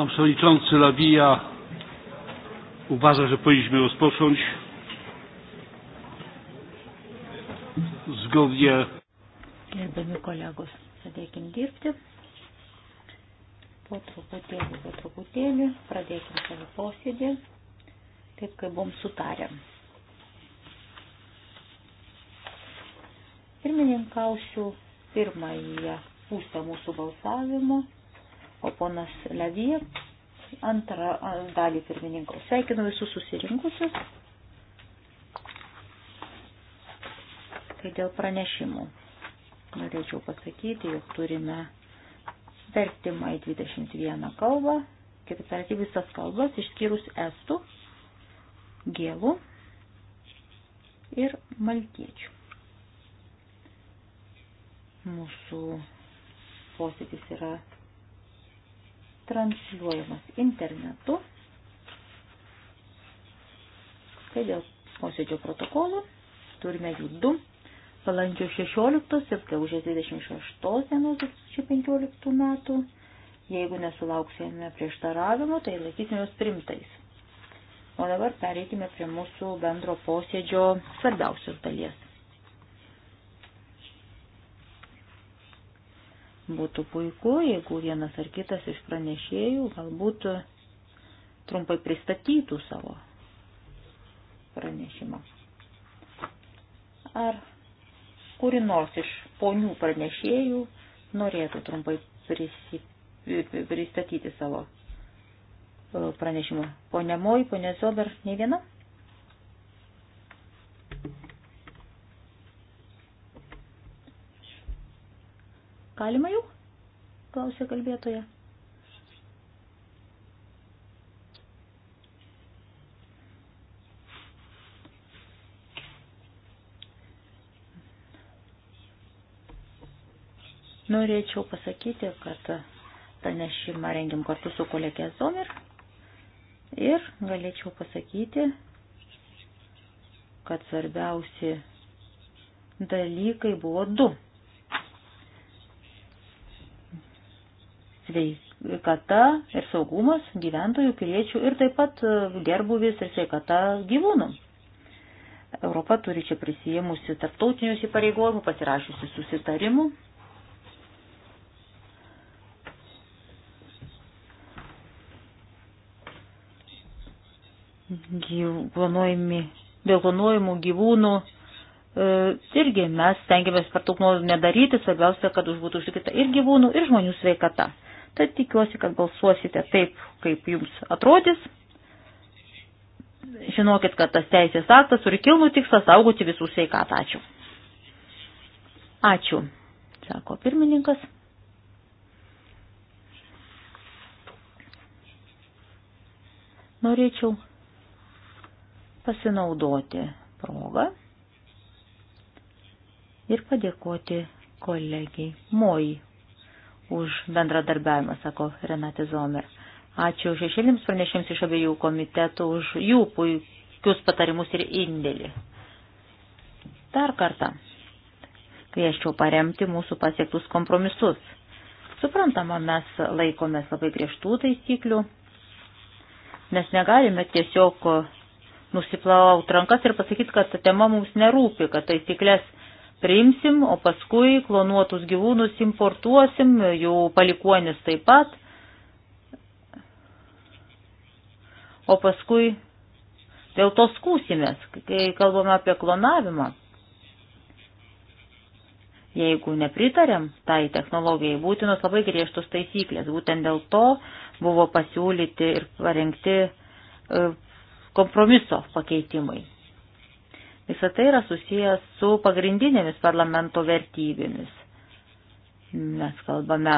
Pan przewodniczący Lawija uważa, że powinniśmy rozpocząć zgodnie. Gerbiami kolegos, pradėkim dirbti. Po truputėlį, po truputėlį pradėkim savo posėdį, taip kaip buvom sutarę. Pirmininkausiu pirmąją pusę mūsų balsavimo o ponas Levija antrą dalį pirmininko. Sveikinu visus susirinkusius. Tai dėl pranešimų. Norėčiau pasakyti, jog turime vertimą į 21 kalbą, kitaip tariant, visas kalbas, išskyrus estų, gėlų ir maltiečių. Mūsų posėdis yra transliuojamas internetu. Tai dėl posėdžio protokolų turime jų du. Balandžio 16 ir gegužės 26 dienos 2015 metų. Jeigu nesulauksime prieštaravimo, tai laikysime juos primtais. O dabar pereikime prie mūsų bendro posėdžio svarbiausios dalies. Būtų puiku, jeigu vienas ar kitas iš pranešėjų galbūt trumpai pristatytų savo pranešimą. Ar kuri nors iš ponių pranešėjų norėtų trumpai prisi, pristatyti savo e, pranešimą. Pone Moj, pone Zober, ne viena? Galima jau? klausė kalbėtoja. Norėčiau pasakyti, kad pranešimą rengim kartu su kolegė Zomer ir galėčiau pasakyti, kad svarbiausi dalykai buvo du. sveikata ir saugumas gyventojų, piliečių ir taip pat e, gerbuvis ir sveikata gyvūnų. Europa turi čia prisijėmusi tarptautinius įpareigojimų, pasirašiusi susitarimų. Planuojami, dėl planuojimų gyvūnų e, irgi mes stengiamės per daug nuolaidų nedaryti, svarbiausia, kad už būtų užtikrinta ir gyvūnų, ir žmonių sveikata. Tad tikiuosi, kad balsuosite taip, kaip jums atrodys. Žinokit, kad tas teisės aktas turi kilnų tikslą saugoti visų sveikatą. Ačiū. Ačiū, sako pirmininkas. Norėčiau pasinaudoti progą ir padėkoti kolegiai Moji už bendradarbiavimą, sako Renate Zomer. Ačiū šešėlėms pranešėms iš abiejų komitetų už jų puikius patarimus ir indėlį. Dar kartą kvieščiau paremti mūsų pasiektus kompromisus. Suprantama, mes laikomės labai griežtų taisyklių, nes negalime tiesiog nusiplaut rankas ir pasakyti, kad ta tema mums nerūpi, kad taisyklės priimsim, o paskui klonuotus gyvūnus importuosim, jų palikuonis taip pat, o paskui dėl to skūsimės, kai kalbame apie klonavimą. Jeigu nepritarėm tai technologijai, būtinos labai griežtos taisyklės. Būtent dėl to buvo pasiūlyti ir parengti e, kompromiso pakeitimai. Visą tai yra susijęs su pagrindinėmis parlamento vertybėmis. Mes kalbame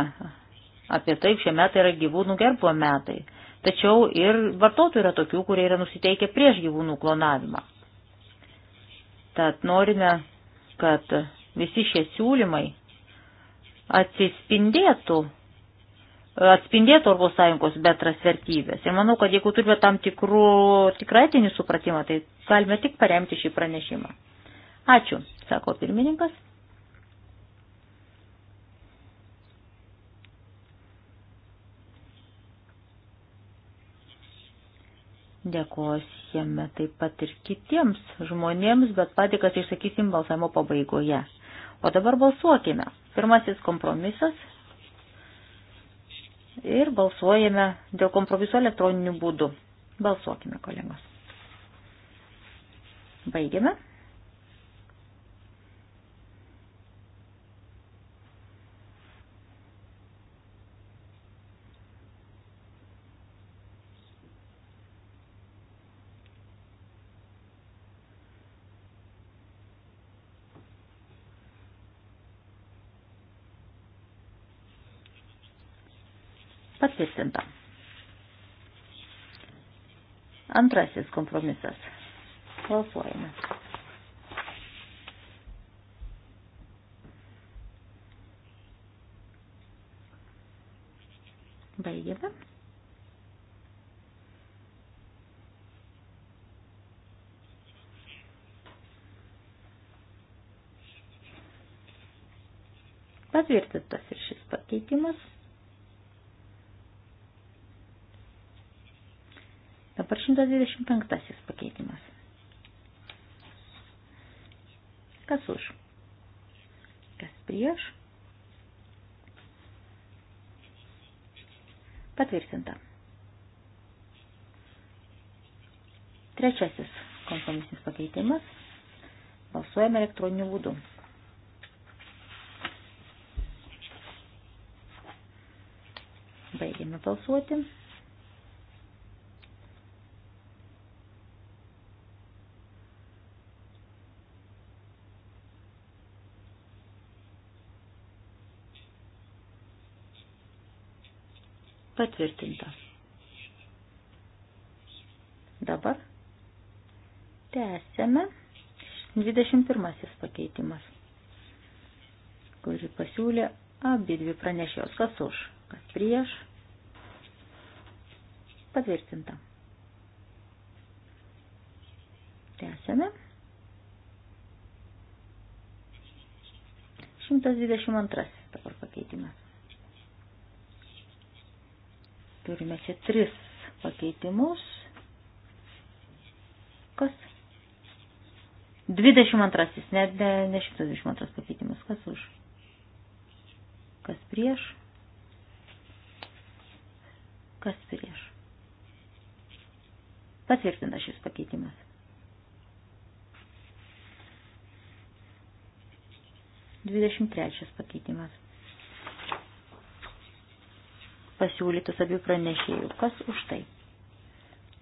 apie tai, šie metai yra gyvūnų gerbo metai. Tačiau ir vartotojų yra tokių, kurie yra nusiteikę prieš gyvūnų klonavimą. Tad norime, kad visi šie siūlymai atsispindėtų atspindėtų ES bendras vertybės. Ir manau, kad jeigu turime tam tikrų, tikrą etinį supratimą, tai galime tik paremti šį pranešimą. Ačiū, sako pirmininkas. Dėkosime taip pat ir kitiems žmonėms, bet patikas išsakysim balsavimo pabaigoje. O dabar balsuokime. Pirmasis kompromisas ir balsuojame dėl kompromiso elektroniniu būdu. Balsuokime, kolegos. Baigiame. patvirtinta. Antrasis kompromisas. Balsuojame. Baigėme. Patvirtintas ir šis pakeitimas. Dabar 125 pakeitimas. Kas už? Kas prieš? Patvirtinta. Trečiasis kompromisinis pakeitimas. Balsuojame elektroniniu būdu. Baigėme balsuoti. Patvirtinta. Dabar tęsėme 21 pakeitimas, kurį pasiūlė abi dvi pranešėjos, kas už, kas prieš. Patvirtinta. Tęsėme. 122 dabar pakeitimas. Turime čia tris pakeitimus. Kas? 22, ne, ne, ne 122 pakeitimas. Kas už? Kas prieš? Kas prieš? Patvirtina šis pakeitimas. Dvidešimt trečias pakeitimas pasiūlytus abiejų pranešėjų. Kas už tai?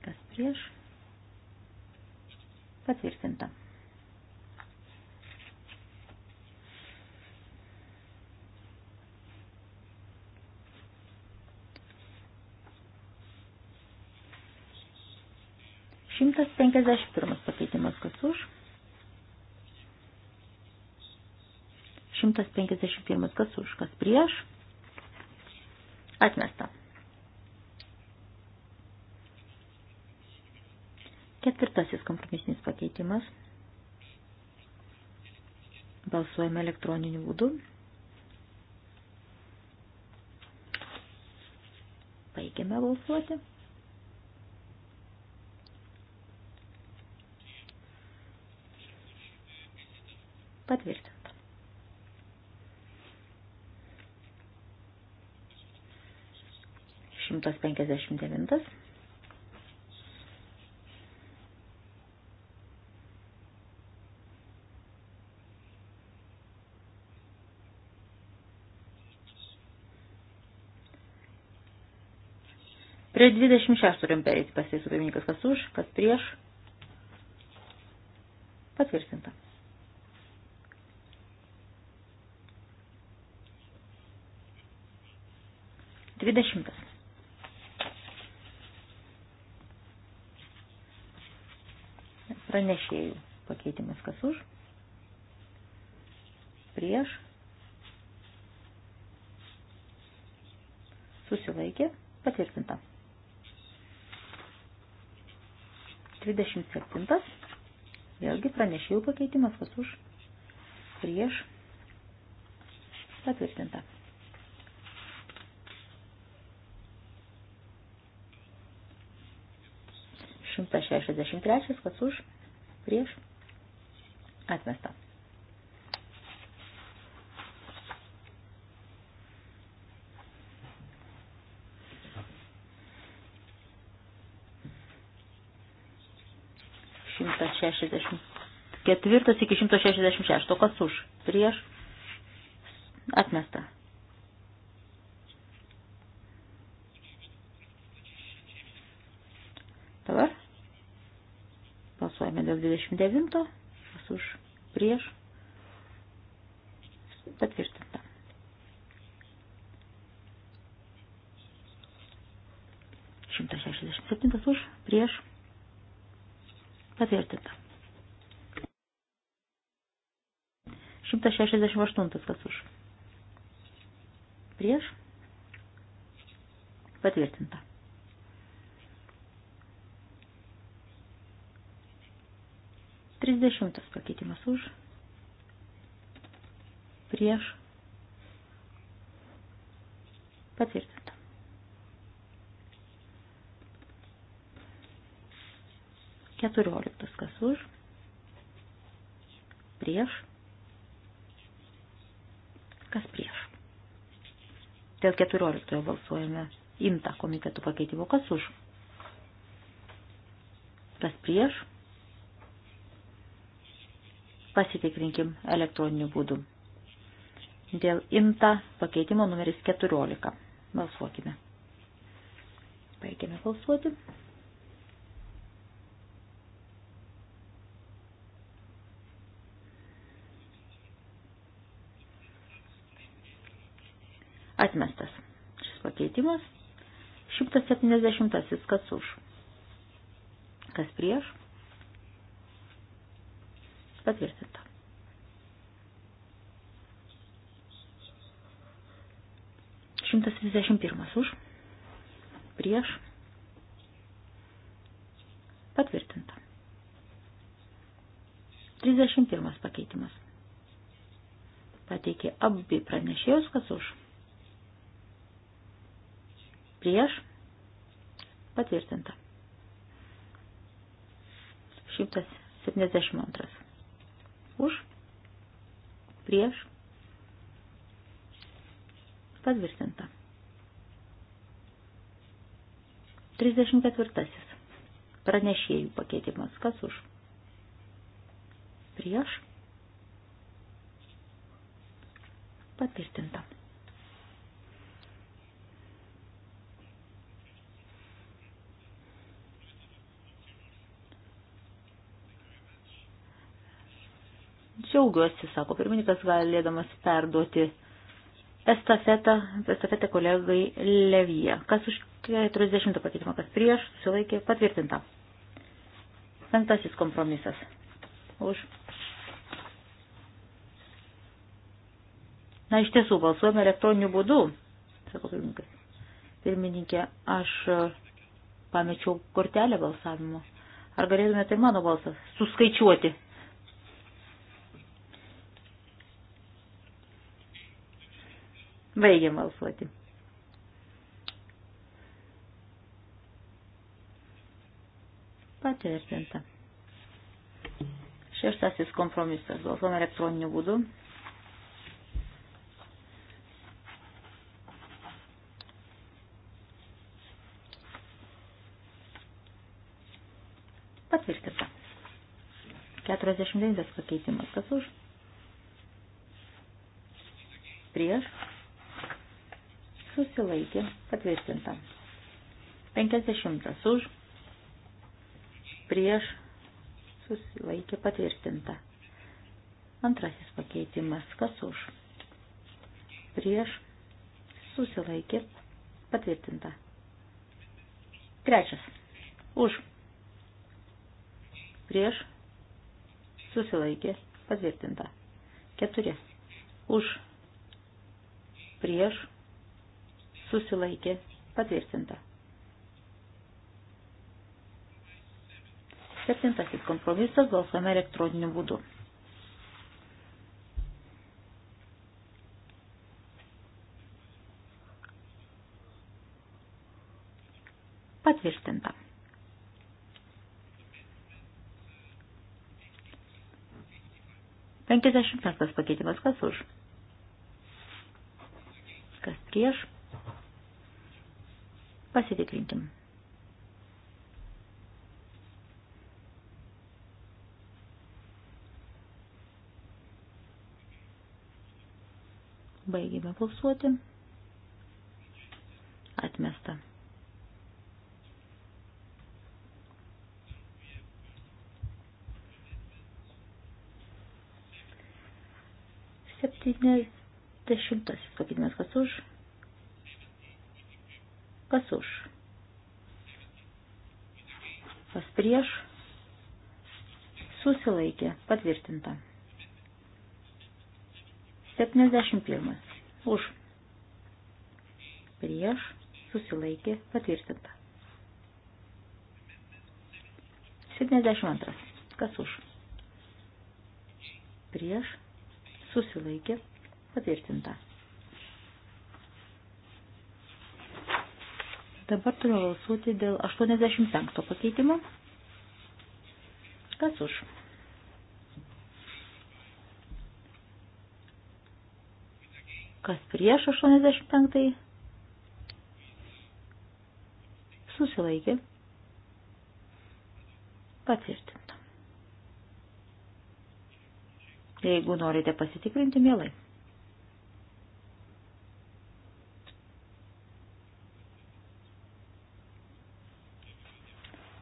Kas prieš? Patvirtinta. Šimtas penkiasdešimt pirmas pakeitimas kas už? 151 kas už, kas prieš, Atmesta. Ketvirtasis kompromisinis pakeitimas. Balsuojame elektroniniu būdu. Baigiame balsuoti. Patvirtinti. 159. Prie 26 turim pereiti pasveisų pirmininkas, kas už, kas prieš. Patvirtinta. Dvidešimtas. pranešėjų. Pakeitimas kas už? Prieš. Susilaikė. Patvirtinta. 27. Vėlgi pranešėjų pakeitimas kas už? Prieš. Patvirtinta. Šimtas šešiasdešimt trečias, kas už? prieš, atmesta. Šimtas šešiasdešimt ketvirtas iki 166, kas už, prieš, atmesta. Balsuojame dėl 29. Kas už prieš. Patvirtinta. Šimtas šešiasdešimt septintas už prieš. Patvirtinta. 168 kas už. Prieš. Patvirtinta. 30 pakeitimas už, prieš, patvirtinta. Keturioliktas kas už, prieš, kas prieš. Dėl keturioliktojo balsuojame imta komitetų pakeitimo, kas už, kas prieš, Pasitikrinkim elektroniniu būdu. Dėl imta pakeitimo numeris 14. Balsuokime. Baigiame balsuoti. Atmestas. Šis pakeitimas. 170. Kas už? Kas prieš? Patvirtinta. Šimtas trisdešimt pirmas už. Prieš. Patvirtinta. Trisdešimt pirmas pakeitimas. Pateikė abi pranešėjus, kas už. Prieš. Patvirtinta. Šimtas 72 už, prieš, patvirtinta. 34. Pranešėjų pakeitimas. Kas už? Prieš. Patvirtinta. Džiaugiuosi, sako pirmininkas, galėdamas perduoti estafetą, estafetę kolegai Levyje. Kas už 40 pakeitimą, kas prieš, sulaikė patvirtinta. Penktasis kompromisas. Už. Na, iš tiesų, balsuojame elektroniniu būdu, sako pirmininkas. Pirmininkė, aš e, pamečiau kortelę balsavimo. Ar galėtume tai mano balsas suskaičiuoti? Baigiam balsuoti. Patvirtinta. Šeštasis kompromisas. Balsuojame elektroniniu būdu. Patvirtinta. 49 pakeitimas. Kas už? susilaikė patvirtinta. 50 už prieš susilaikė patvirtinta. Antrasis pakeitimas kas už prieš susilaikė patvirtinta. Trečias už prieš susilaikė patvirtinta. Keturi už prieš susilaikė patvirtinta. Septintasis kompromisas balsuojame elektroniniu būdu. Patvirtinta. Penkiasdešimt penktas pakeitimas kas už? Kas prieš? Pasitikrinkim. Baigėme pulsuoti. Atmesta. Septynės dešimtasis pakeitimas, kas už Kas už? Kas prieš? Susilaikė. Patvirtinta. 71. Už. Prieš. Susilaikė. Patvirtinta. 72. Kas už? Prieš. Susilaikė. Patvirtinta. Dabar turime balsuoti dėl 85 pakeitimo. Kas už? Kas prieš 85? Susilaikė. Patvirtinta. Jeigu norite pasitikrinti, mielai.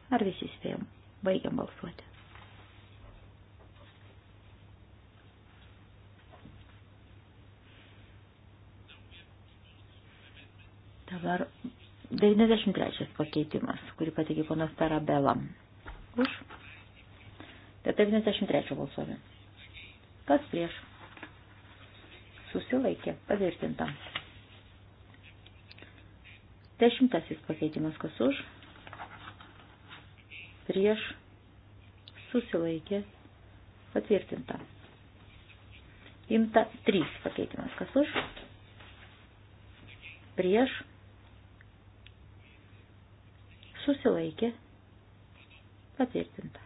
Ar visi spėjom? Baigiam balsuoti. Dabar 93 pakeitimas, kurį pateikė ponas Tarabela. Už. Tai 93 balsuovi. Kas prieš? Susilaikė. Patvirtinta. Dešimtasis pakeitimas, kas už? prieš susilaikė patvirtinta. Imta 3 pakeitimas. Kas už? Prieš susilaikė patvirtinta.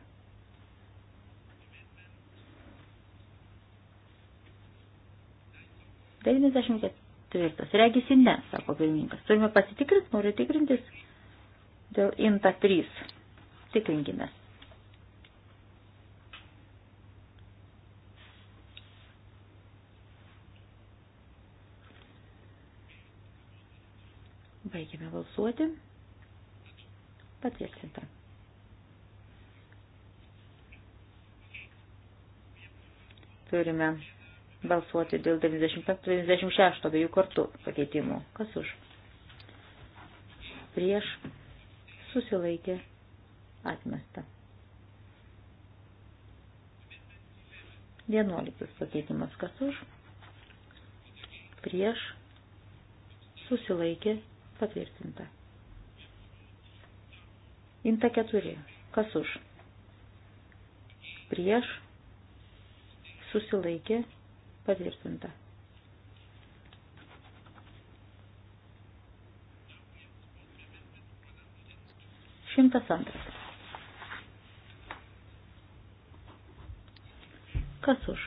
Devyniasdešimt ketvirtas. Regisi ne, sako pirmininkas. Turime pasitikrinti, noriu tikrintis dėl imta 3. Tikrinkime. Baigėme balsuoti. Patvirtinta. Turime balsuoti dėl 95-96 abiejų kartų pakeitimų. Kas už? Prieš susilaikė atmesta. 11 pakeitimas kas už, prieš, susilaikė, patvirtinta. Inta 4, kas už, prieš, susilaikė, patvirtinta. Šimtas antras. Kas už?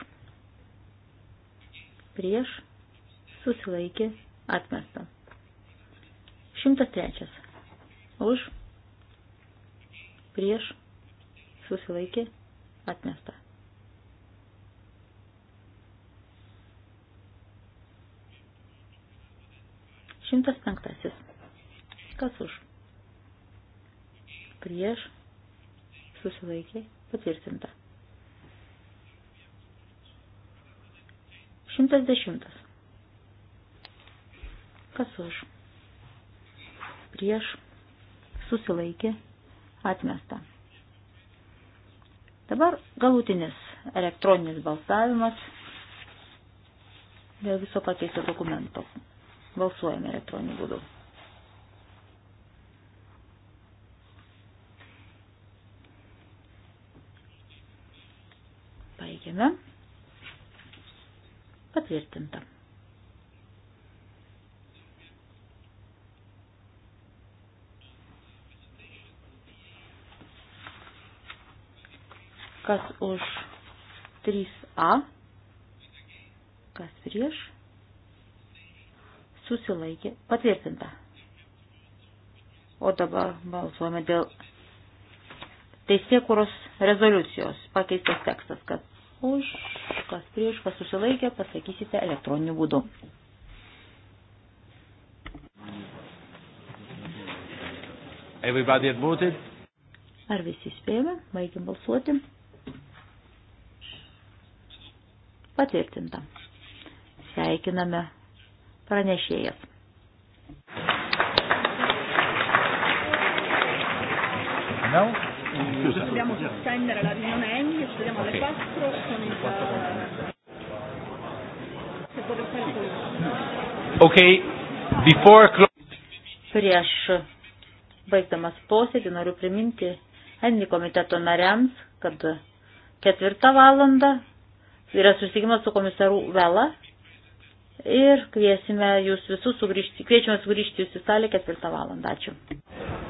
Prieš susilaikė atmesta. 103. Už prieš susilaikė atmesta. Šimtas penktasis. Kas už? Prieš susilaikė patvirtinta. 110. Kas už? Prieš susilaikė atmesta. Dabar galutinis elektroninis balsavimas dėl viso pakeisto dokumento. Balsuojame elektroniniu būdu. Baigiame. Patvirtinta. Kas už 3A? Kas prieš? Susilaikė. Patvirtinta. O dabar balsuojame dėl teisėkuros rezoliucijos pakeistas tekstas, kad už, kas prieš, kas susilaikė, pasakysite elektroniniu būdu. Everybody had voted? Ar visi spėjome? Baigiam balsuoti. Patvirtinta. Sveikiname pranešėjas. No? Chiusa. Dobbiamo sospendere la riunione English, ci vediamo alle okay. 4 con il... 4 eh, Ok, before Prieš baigdamas posėdį noriu priminti Enni komiteto nariams, kad ketvirtą valandą yra susitikimas su komisaru Vela ir kviesime jūs visus sugrįžti, kviečiame sugrįžti jūs į salę ketvirtą valandą. Ačiū.